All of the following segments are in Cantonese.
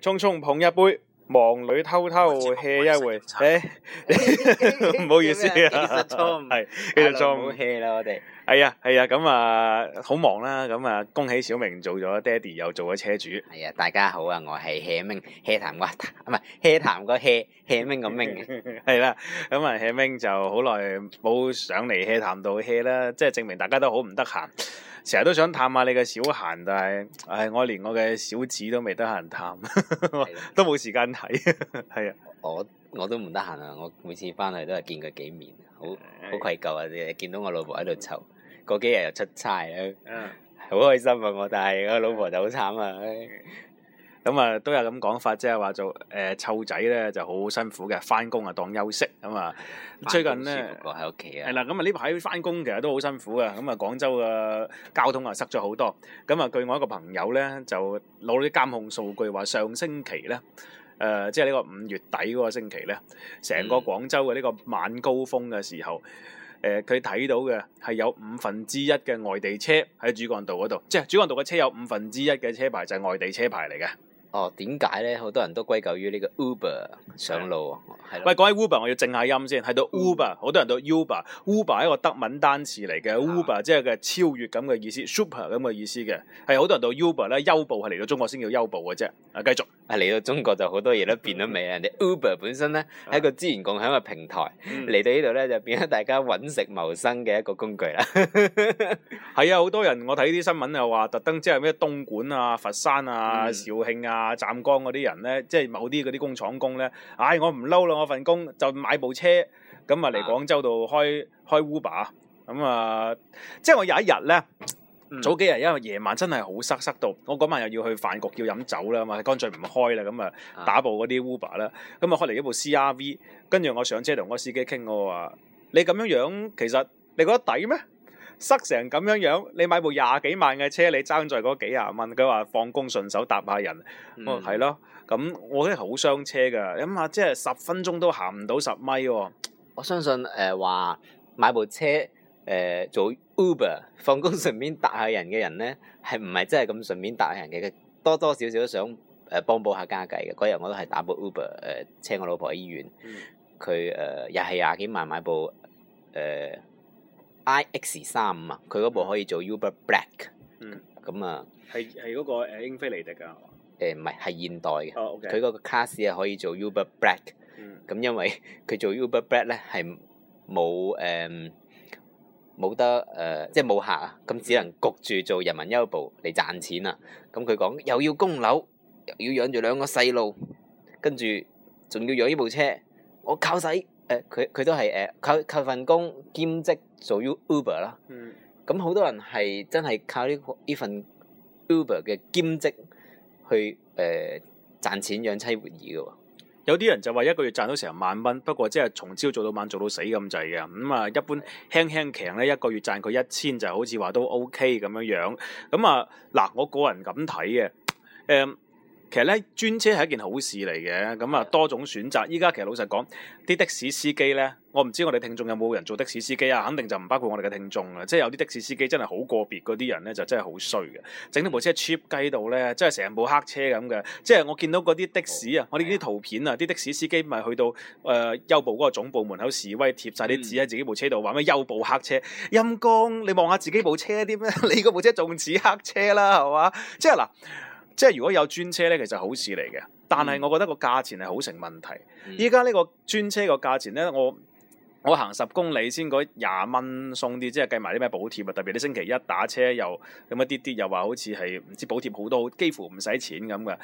匆匆捧一杯，忙裏偷偷 hea 一回。誒、哎，唔 好意思啊，係其實仲 hea 啦我哋。係啊係啊，咁啊好忙啦，咁啊恭喜小明做咗爹哋，又做咗車主。係啊、哎，大家好啊，我係 hea 明 hea 談個唔係 hea 談個 heahea 明個明嘅。係啦，咁啊 hea ming、 哎、就好耐冇上嚟 hea 談到 hea 啦，即係證明大家都好唔得閒。成日都想探下你嘅小閒，但係，唉，我連我嘅小子都未得閒探，都冇時間睇，係啊的。 我我都唔得閒啊！我每次翻去都係見佢幾面，好好愧疚啊！的見到我老婆喺度湊，過幾日又出差啊，好的 開心啊我，但係我老婆就好慘啊。咁啊、嗯，都有咁講法，即係話做誒湊仔咧就好、是呃、辛苦嘅，翻工啊當休息咁啊、嗯。最近咧喺屋企啊，係啦，咁啊呢排翻工其實都好辛苦嘅。咁、嗯、啊，嗯、廣州嘅交通啊塞咗好多。咁啊，據我一個朋友咧就攞啲監控數據話，上星期咧誒、呃，即係呢個五月底嗰個星期咧，成個廣州嘅呢個晚高峰嘅時候，誒佢睇到嘅係有五分之一嘅外地車喺主幹道嗰度，即係主幹道嘅車有五分之一嘅車牌就係、是、外地車牌嚟嘅。哦，點解咧？好多人都歸咎於呢個 Uber 的上路啊。係，喂講起 Uber，我要靜下音先，係讀 Uber，好多人讀 Uber，Uber 係一個德文單詞嚟嘅的 Uber，即係嘅超越咁嘅意思，super 咁嘅意思嘅，係好多人讀 Uber 咧，優步係嚟到中國先叫優步嘅啫。啊，繼續。啊嚟到中國就好多嘢都變咗味啊！人哋 Uber 本身咧係 個資源共享嘅平台嚟，嗯、到呢度咧就變咗大家揾食謀生嘅一個工具啦。係 啊，好多人我睇啲新聞又話特登即係咩東莞啊、佛山啊、肇慶、嗯、啊、湛江嗰啲人咧，即、就、係、是、某啲嗰啲工廠工咧，唉、哎、我唔嬲啦，我份工就買部車咁啊嚟廣州度開、嗯、開 Uber 咁啊，即、就、係、是、我有一日咧。早幾日因為夜晚真係好塞塞到，我嗰晚又要去飯局要飲酒啦嘛，乾脆唔開啦，咁啊打部嗰啲 Uber 啦，咁啊開嚟一部 CRV，跟住我上車同個司機傾，我話你咁樣樣其實你覺得抵咩？塞成咁樣樣，你買部廿幾萬嘅車，你爭在嗰幾廿蚊，佢話放工順手搭下人，哦係咯，咁我覺得好傷車㗎，諗下即係十分鐘都行唔到十米喎。我相信誒話、呃、買部車誒、呃、做。Uber 放工順便搭下人嘅人咧，係唔係真係咁順便搭下人嘅？多多少少都想誒幫補下家計嘅。嗰日我都係打部 Uber 誒、呃、車我老婆喺醫院，佢誒又係廿幾萬買部誒、呃、IX 三啊，佢嗰部可以做 Uber Black、嗯。咁啊，係係嗰個英菲尼迪㗎，誒唔係係現代嘅。哦，佢嗰個卡士係可以做 Uber Black、嗯。咁、嗯、因為佢做 Uber Black 咧係冇誒。冇得誒、呃，即係冇客啊，咁只能焗住做人民優步嚟賺錢啦。咁佢講又要供樓，又要養住兩個細路，跟住仲要養呢部車。我靠使誒，佢、呃、佢都係誒、呃、靠靠，靠，靠份工兼職做 Uber 啦。咁好、嗯嗯、多人係真係靠呢呢份 Uber 嘅兼職去誒賺、呃、錢養妻活兒嘅喎。有啲人就話一個月賺到成萬蚊，不過即係從朝做到晚做到死咁滯嘅，咁啊一般輕輕強咧一個月賺佢一千就好似話都 OK 咁樣樣，咁啊嗱，我個人咁睇嘅，誒、嗯。其實咧，專車係一件好事嚟嘅。咁啊，多種選擇。依家其實老實講，啲的士司機咧，我唔知我哋聽眾有冇人做的士司機啊？肯定就唔包括我哋嘅聽眾啦。即係有啲的士司機真係好個別嗰啲人咧，就真係好衰嘅。整呢部車 cheap 雞到咧，即係成部黑車咁嘅。即係我見到嗰啲的士啊，好我哋啲圖片啊，啲的、的士司機咪去到誒優步嗰個總部門口示威，貼晒啲紙喺自己車部車度，話咩優步黑車，嗯、陰公！你望下自己車 部車啲咩？你嗰部車仲似黑車啦，係嘛？即係嗱。即係如果有專車咧，其實好事嚟嘅。但係我覺得個價錢係好成問題。依家呢個專車個價錢咧，我我行十公里先嗰廿蚊鬆啲，即係計埋啲咩補貼啊。特別你星期一打車又咁一啲啲，跌跌又話好似係唔知補貼好多，幾乎唔使錢咁嘅，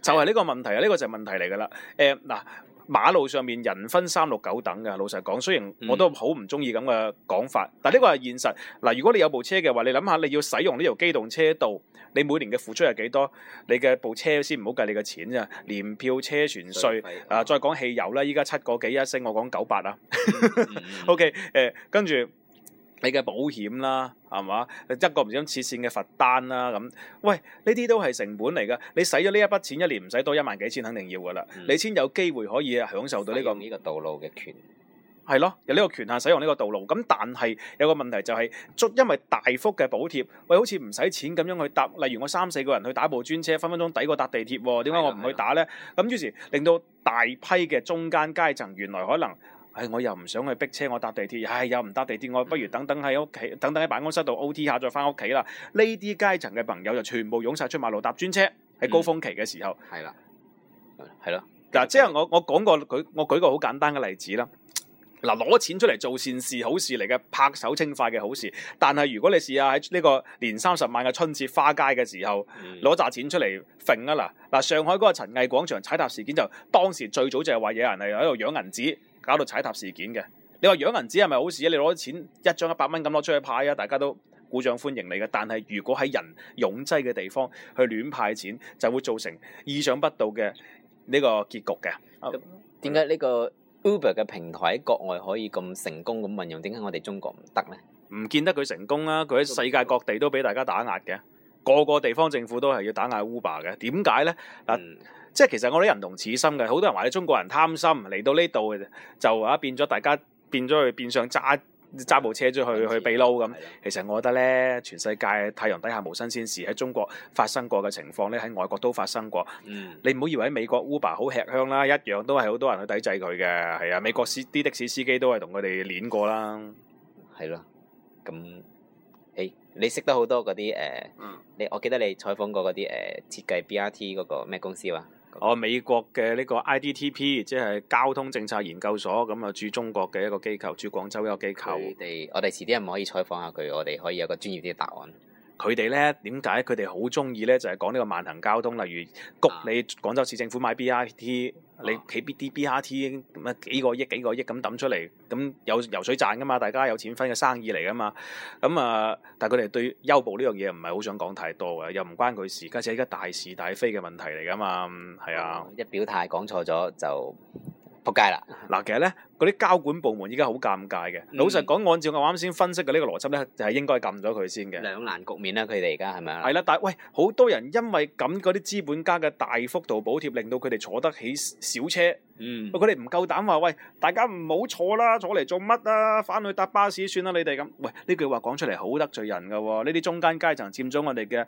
就係、是、呢個問題啊！呢、這個就係問題嚟噶啦。誒、呃、嗱。馬路上面人分三六九等嘅，老實講，雖然我都好唔中意咁嘅講法，嗯、但呢個係現實。嗱，如果你有部車嘅話，你諗下你要使用呢條機動車道，你每年嘅付出係幾多？你嘅部車先唔好計你嘅錢咋，年票車稅、車船稅，啊、呃，再講汽油啦，依家七個幾一升，我講九八啦。OK，誒，跟住。你嘅保險啦，係嘛？一個唔想切線嘅罰單啦，咁，喂，呢啲都係成本嚟㗎。你使咗呢一筆錢，一年唔使多一萬幾千，肯定要噶啦。嗯、你先有機會可以享受到呢、呢個呢個道路嘅權，係咯？有呢個權限使用呢個道路。咁但係有個問題就係、係，因因為大幅嘅補貼，喂，好似唔使錢咁樣去搭。例如我三四個人去打部專車，分分鐘抵過搭地鐵喎。點解我唔去打呢？咁於是令到大批嘅中間階層原來可能。唉、哎，我又唔想去逼車，我搭地鐵。唉、哎，又唔搭地鐵，我不如等等喺屋企，等等喺辦公室度 O T 下，再翻屋企啦。呢啲階層嘅朋友就全部湧晒出馬路搭專車，喺高峰期嘅時候，係啦、嗯，係咯嗱。即係我我講過舉，我舉個好簡單嘅例子啦。嗱、啊，攞錢出嚟做善事好事嚟嘅拍手稱快嘅好事，但係如果你試下喺呢個年三十晚嘅春節花街嘅時候攞紮、嗯、錢出嚟揈啊！嗱、啊、嗱，上海嗰個陳毅廣場踩踏事件就當時最早就係話有人係喺度養銀紙。搞到踩踏事件嘅，你話養銀紙係咪好事啊？你攞錢一張一百蚊咁攞出去派啊，大家都鼓掌歡迎你嘅。但係如果喺人擁擠嘅地方去亂派錢，就會造成意想不到嘅呢個結局嘅。點解呢個 Uber 嘅平台喺國外可以咁成功咁運用？點解我哋中國唔得咧？唔見得佢成功吖，佢喺世界各地都俾大家打壓嘅。個個地方政府都係要打壓 Uber 嘅，點解呢？嗱，嗯、即係其實我啲人同此心嘅，好多人話你中國人貪心嚟到呢度，就啊變咗大家變咗去變相揸揸部車出去去秘撈咁。是的 其實我覺得呢，全世界太陽底下無新鮮事，喺中國發生過嘅情況呢，喺外國都發生過。嗯、你唔好以為美國 Uber 好吃香啦，一樣都係好多人去抵制佢嘅。係啊，美國司啲的士司機都係同佢哋攣過啦。係咯，咁。你識得好多嗰啲誒？呃嗯、你我記得你採訪過嗰啲誒設計 BRT 嗰個咩公司哇？哦、那個，美國嘅呢個 IDTP，即係交通政策研究所咁啊，駐中國嘅一個機構，駐廣州一個機構。你哋我哋遲啲係唔可以採訪下佢？我哋可以有個專業啲嘅答案。佢哋咧點解佢哋好中意咧？就係、是、講呢個慢行交通，例如谷你廣州市政府買 BRT、啊、你起 B 啲 BRT 咁啊幾個億幾個億咁抌出嚟，咁有油水賺噶嘛？大家有錢分嘅生意嚟噶嘛？咁、嗯、啊，但係佢哋對優步呢樣嘢唔係好想講太多啊，又唔關佢事，加上而家大是大非嘅問題嚟噶嘛，係啊、嗯，一表態講錯咗就。仆街啦！嗱，其實咧，嗰啲交管部門而家好尷尬嘅。嗯、老實講，按照我啱先分析嘅呢個邏輯咧，就係、是、應該撳咗佢先嘅。兩難局面啦，佢哋而家係咪啊？係啦，但係喂，好多人因為咁嗰啲資本家嘅大幅度補貼，令到佢哋坐得起小車。嗯。佢哋唔夠膽話喂，大家唔好坐啦，坐嚟做乜啊？翻去搭巴士算啦、啊，你哋咁。喂，呢句話講出嚟好得罪人嘅喎、哦。呢啲中間階層佔咗我哋嘅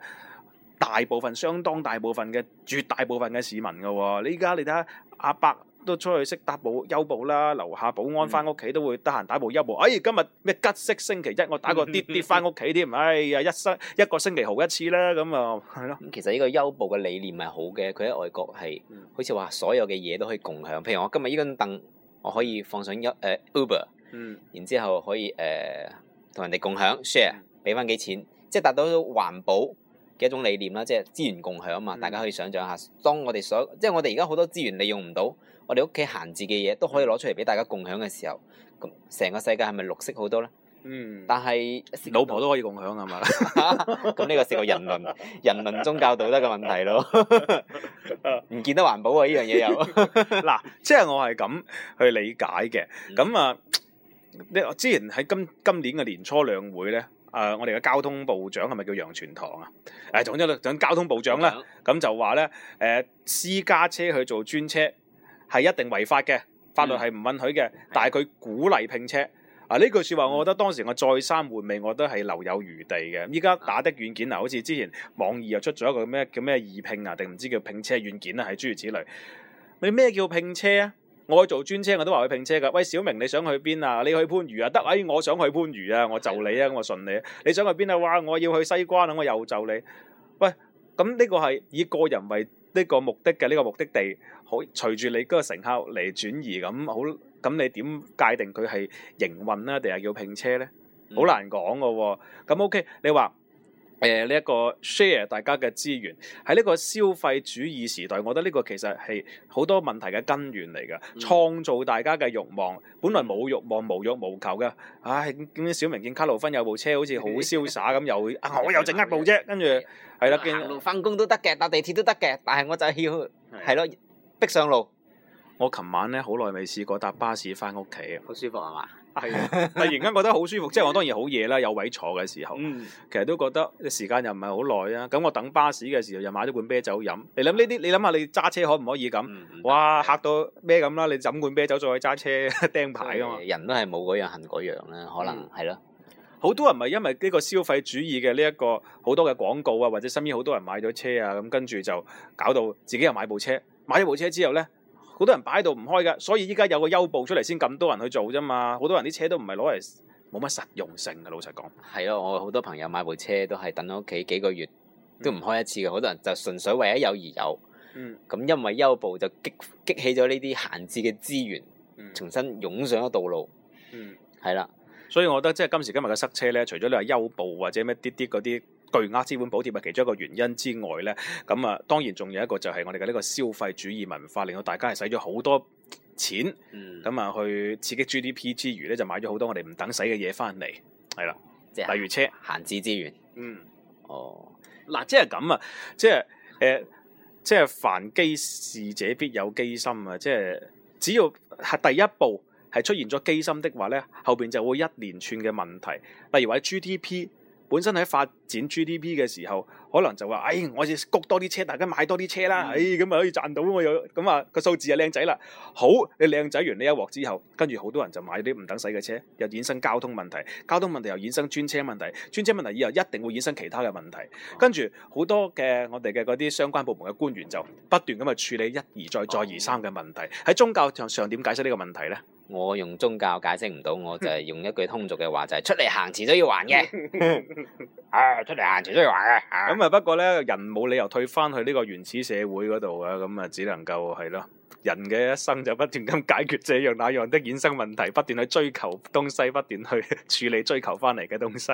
大部分，相當大部分嘅絕大部分嘅市民嘅喎、哦。你而家你睇下阿伯。都出去識打步優步啦。樓下保安翻屋企都會得閒打步優步。嗯、哎，今日咩吉色星期一，我打個滴滴翻屋企添。嗯嗯、哎呀，一星一個星期好一次啦，咁啊，係咯。其實呢個優步嘅理念係好嘅，佢喺外國係、嗯、好似話所有嘅嘢都可以共享。譬如我今日呢根凳，我可以放上一誒 Uber，然之後可以誒同、呃、人哋共享 share，俾翻幾錢，即係達到環保，嘅一種理念啦，即係資源共享嘛，大家可以想象下，當我哋所即係我哋而家好多資源利用唔到，我哋屋企閒置嘅嘢都可以攞出嚟俾大家共享嘅時候，咁成個世界係咪綠色好多咧？嗯，但係老婆都可以共享 啊嘛，咁、這、呢個涉及人倫、 人倫宗教道德嘅問題咯，唔見得環保啊呢 樣嘢又嗱，即係我係咁去理解嘅，咁啊，你我、嗯、之前喺今今年嘅年初兩會咧。誒、呃，我哋嘅交通部長係咪叫楊傳堂啊？誒、嗯，總之咧，總交通部長咧，咁、嗯、就話咧，誒、呃、私家車去做專車係一定違法嘅，法律係唔允許嘅，嗯、但係佢鼓勵拼車啊！呢句説話，我覺得當時我再三回味，我都係留有餘地嘅。依家打的軟件啊，好似之前網易又出咗一個咩叫咩易拼啊，定唔知叫拼車軟件啦，係諸如此類。你咩叫拼車啊？我去做專車都我都話去拼車噶，喂，小明，你想去邊啊？你去番禺啊？得，哎我想去番禺啊，我就你啊，我信你。你想去邊啊？哇我要去西關啊，我又就你。喂，咁呢個係以個人為呢個目的嘅呢個目的地，可隨住你嗰個乘客嚟轉移咁好，咁你點界定佢係營運啊？定係叫拼車咧？好難講噶喎，咁 OK，你話。誒呢一個 share 大家嘅資源，喺呢個消費主義時代，我覺得呢個其實係好多問題嘅根源嚟嘅，創造大家嘅慾，慾望。本來冇慾望，無慾無求嘅，唉！咁小明見卡路芬有部車，好似好瀟灑咁，又會啊，我又整一部啫。跟住係啦，見返工都得嘅，搭地鐵都得嘅，但係我就係要係咯，逼的上路。我琴晚咧好耐未試過搭巴士返屋企，好 舒服係嘛？Right? 係突然間覺得好舒服，即係我當然好夜啦，有位坐嘅時候，嗯、其實都覺得時間又唔係好耐啦。咁我等巴士嘅時候又買咗罐啤酒飲。你諗呢啲？你諗下你揸車可唔可以咁？嗯、哇！嚇到咩咁啦？你飲罐啤酒再去揸車 釘牌噶嘛？人都係冇嗰樣恨嗰樣啦，可能係咯。好、嗯、的多人咪因為呢個消費主義嘅呢一個好多嘅廣告啊，或者身邊好多人買咗車啊，咁跟住就搞到自己又買部車。買咗部車之後咧。好多人擺喺度唔開噶，所以依家有個優步出嚟先咁多人去做啫嘛。好多人啲車都唔係攞嚟，冇乜實用性嘅。老實講，係咯，我好多朋友買部車都係等喺屋企幾個月都唔開一次嘅。嗯，好多人就純粹為咗有而有。嗯，咁因為優步就激激起咗呢啲閒置嘅資源，重新湧上咗道路。嗯，係啦，所以我覺得即係今時今日嘅塞車咧，除咗你話優步或者咩啲啲嗰啲。巨額資本補貼係其中一個原因之外咧，咁啊當然仲有一個就係我哋嘅呢個消費主義文化，令到大家係使咗好多錢，咁啊、嗯、去刺激 GDP 之餘咧，就買咗好多我哋唔等使嘅嘢翻嚟，係啦，即係例如車閒置資,資源，嗯，哦，嗱，即係咁啊，即係誒，即、呃、係、就是、凡機事者必有機心啊，即、就、係、是、只要係第一步係出現咗機心的話咧，後邊就會一連串嘅問題，例如話 GDP。本身喺發展 GDP 嘅時候，可能就話，哎，我要谷多啲車，大家買多啲車啦，嗯、哎，咁咪可以賺到，咁啊、那個數字又靚仔啦。好，你靚仔完呢一鑊之後，跟住好多人就買啲唔等使嘅車，又衍生交通問題，交通問題又衍生專車問題，專車問題以後一定會衍生其他嘅問題。跟住好多嘅我哋嘅嗰啲相關部門嘅官員就不斷咁啊處理，一而再，再而三嘅問題。喺宗教上點解釋呢個問題呢？我用宗教解釋唔到，我就係用一句通俗嘅話，就係、是、出嚟行遲都要還嘅 啊，啊出嚟行遲都要還嘅，咁啊不，不過咧人冇理由退翻去呢個原始社會嗰度啊。咁啊只能夠係咯，人嘅一生就不斷咁解決這樣那樣的衍生問題，不斷去追求東西，不斷去處理追求翻嚟嘅東西。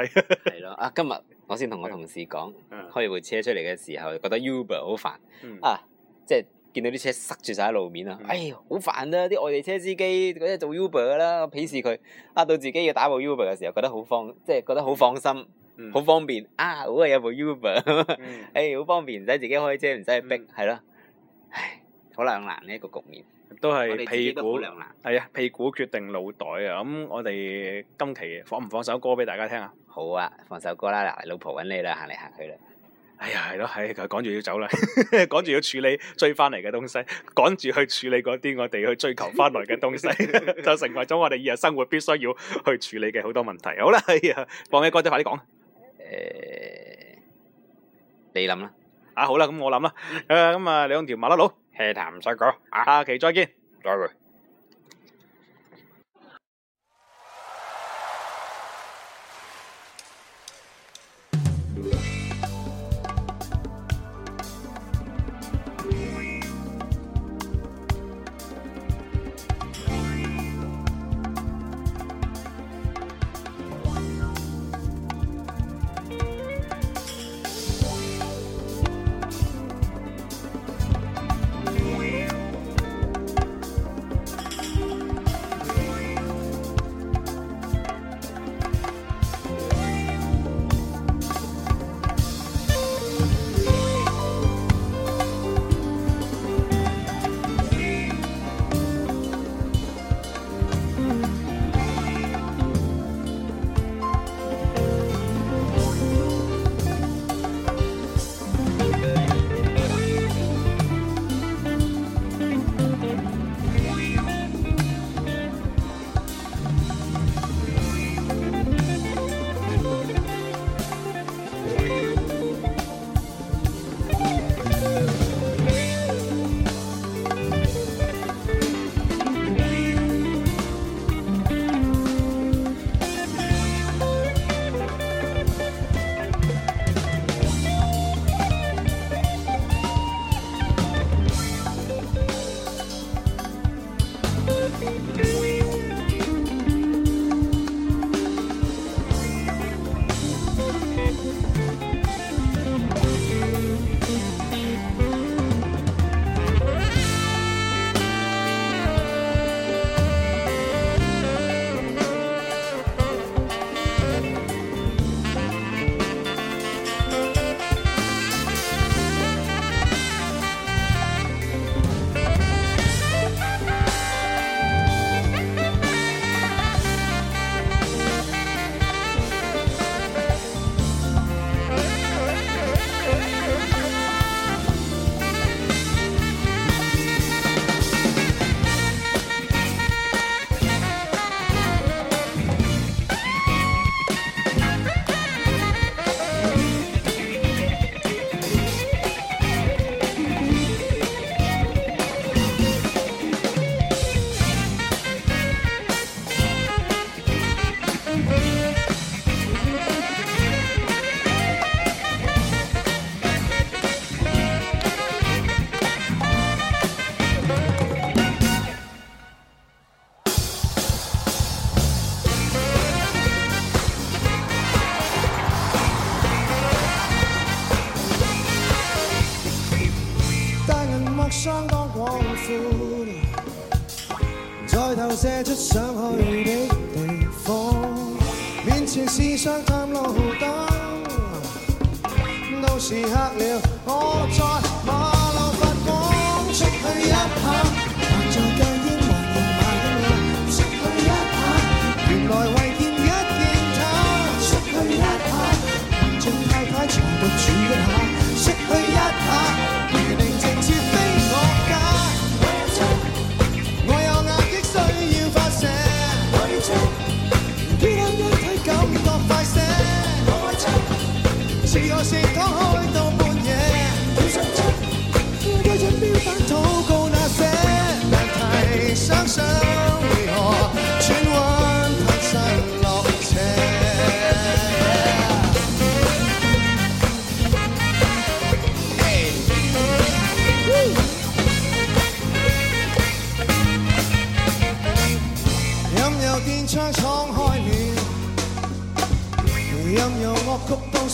係 咯，啊今日我先同我同事講，的啊、開部車出嚟嘅時候覺得 Uber 好煩，嗯、啊即係。見到啲車塞住晒喺路面啊！嗯、哎呀，好煩啊！啲外地車司機，佢都做 Uber 噶啦，鄙視佢。啊，到自己要打部 Uber 嘅時候，覺得好放，嗯、即係覺得好放心，好、嗯、方便。啊，好啊、嗯，有部 Uber，哎，好方便，唔使自己開車，唔使去逼，係咯、嗯。唉，好兩難呢一、呢個局面，都係屁股，係啊，屁股決定腦袋啊！咁我哋今期放唔放首歌俾大家聽啊？好啊，放首歌啦！嗱，老婆揾你啦，行嚟行去啦。哎呀，係咯，係，佢趕住要走啦，趕住要處理追翻嚟嘅東西，趕住去處理嗰啲我哋去追求翻嚟嘅東西， 就成為咗我哋日常生活必須要去處理嘅好多問題。好啦，哎呀，放咩歌啫？快啲講。誒、呃，你諗啦，啊，好啦，咁我諗啦，誒、嗯，咁啊兩條麻甩佬 hea 談唔使講，下期再見，謝謝。人物相當廣闊，在投射出想去的地方。面前是雙探路燈，到時黑了，我在。